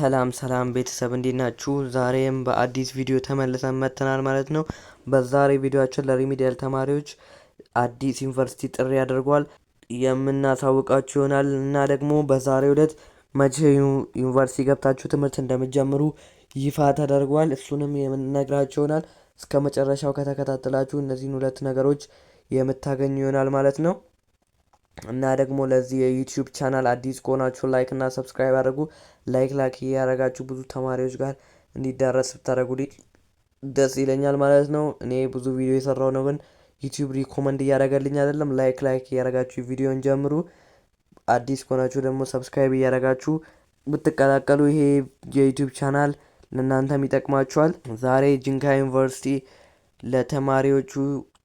ሰላም ሰላም ቤተሰብ እንዴት ናችሁ? ዛሬም በአዲስ ቪዲዮ ተመልሰን መጥተናል ማለት ነው። በዛሬ ቪዲዮችን ለሪሚዲያል ተማሪዎች አዲስ ዩኒቨርሲቲ ጥሪ አድርጓል የምናሳውቃችሁ ይሆናል እና ደግሞ በዛሬው ዕለት መቼ ዩኒቨርሲቲ ገብታችሁ ትምህርት እንደሚጀምሩ ይፋ ተደርጓል። እሱንም የምንነግራችሁ ይሆናል። እስከ መጨረሻው ከተከታተላችሁ እነዚህን ሁለት ነገሮች የምታገኙ ይሆናል ማለት ነው። እና ደግሞ ለዚህ የዩቲዩብ ቻናል አዲስ ከሆናችሁ ላይክ እና ሰብስክራይብ አድርጉ። ላይክ ላይክ እያደረጋችሁ ብዙ ተማሪዎች ጋር እንዲዳረስ ብታደረጉ ደስ ይለኛል ማለት ነው። እኔ ብዙ ቪዲዮ የሰራው ነው፣ ግን ዩቲዩብ ሪኮመንድ እያደረገልኝ አይደለም። ላይክ ላይክ እያደረጋችሁ ቪዲዮን ጀምሩ። አዲስ ከሆናችሁ ደግሞ ሰብስክራይብ እያደረጋችሁ ብትቀላቀሉ ይሄ የዩቲዩብ ቻናል ለእናንተም ይጠቅማችኋል። ዛሬ ጂንካ ዩኒቨርሲቲ ለተማሪዎቹ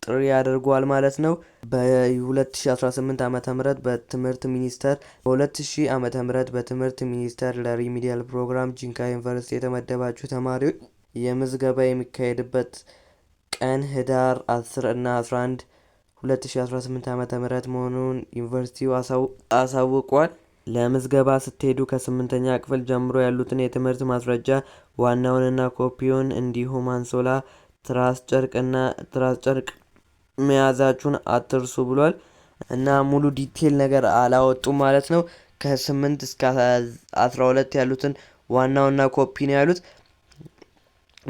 ጥሪ አድርጓል ማለት ነው። በ2018 ዓ ም በትምህርት ሚኒስቴር በ2000 ዓ ም በትምህርት ሚኒስቴር ለሪሚዲያል ፕሮግራም ጂንካ ዩኒቨርሲቲ የተመደባችሁ ተማሪዎች የምዝገባ የሚካሄድበት ቀን ህዳር 10 እና 11 2018 ዓ ም መሆኑን ዩኒቨርሲቲው አሳውቋል። ለምዝገባ ስትሄዱ ከስምንተኛ ክፍል ጀምሮ ያሉትን የትምህርት ማስረጃ ዋናውንና ኮፒውን እንዲሁም አንሶላ፣ ትራስ ጨርቅና ትራስ ጨርቅ መያዛችሁን አትርሱ ብሏል እና ሙሉ ዲቴል ነገር አላወጡም ማለት ነው። ከስምንት እስከ አስራ ሁለት ያሉትን ዋናውና ኮፒ ነው ያሉት።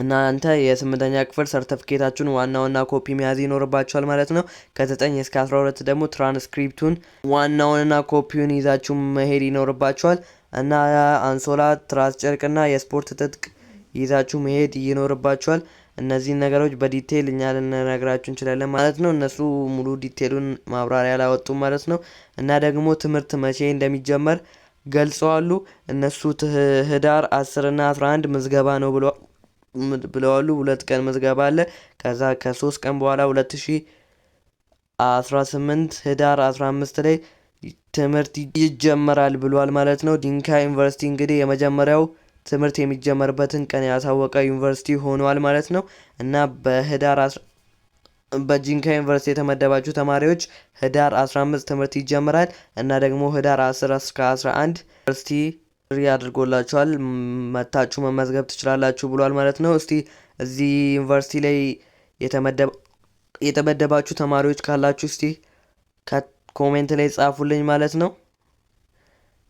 እናንተ የስምንተኛ ክፍል ሰርተፊኬታችሁን ዋናውና ኮፒ መያዝ ይኖርባችኋል ማለት ነው። ከዘጠኝ እስከ አስራ ሁለት ደግሞ ትራንስክሪፕቱን ዋናውንና ኮፒውን ይዛችሁ መሄድ ይኖርባችኋል እና አንሶላ፣ ትራስ ጨርቅና የስፖርት ትጥቅ ይዛችሁ መሄድ ይኖርባችኋል። እነዚህን ነገሮች በዲቴይል እኛ ልንነግራችሁ እንችላለን ማለት ነው። እነሱ ሙሉ ዲቴይሉን ማብራሪያ አላወጡም ማለት ነው። እና ደግሞ ትምህርት መቼ እንደሚጀመር ገልጸዋሉ። እነሱ ህዳር አስር እና አስራ አንድ ምዝገባ ነው ብለዋሉ። ሁለት ቀን ምዝገባ አለ። ከዛ ከሶስት ቀን በኋላ ሁለት ሺ አስራ ስምንት ህዳር አስራ አምስት ላይ ትምህርት ይጀመራል ብሏል ማለት ነው። ዲንካ ዩኒቨርሲቲ እንግዲህ የመጀመሪያው ትምህርት የሚጀመርበትን ቀን ያሳወቀ ዩኒቨርሲቲ ሆኗል ማለት ነው እና በህዳር በጂንካ ዩኒቨርሲቲ የተመደባችሁ ተማሪዎች ህዳር 15 ትምህርት ይጀምራል እና ደግሞ ህዳር 10 እስከ 11 ዩኒቨርሲቲ ያድርጎላችኋል መታችሁ መመዝገብ ትችላላችሁ ብሏል ማለት ነው። እስቲ እዚህ ዩኒቨርሲቲ ላይ የተመደባችሁ ተማሪዎች ካላችሁ እስቲ ኮሜንት ላይ ጻፉልኝ ማለት ነው።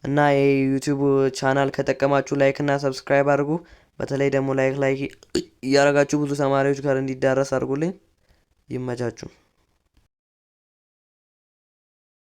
እና የዩቲዩብ ቻናል ከጠቀማችሁ ላይክ እና ሰብስክራይብ አድርጉ። በተለይ ደግሞ ላይክ ላይክ እያደረጋችሁ ብዙ ተማሪዎች ጋር እንዲዳረስ አድርጉልኝ። ይመቻችሁ።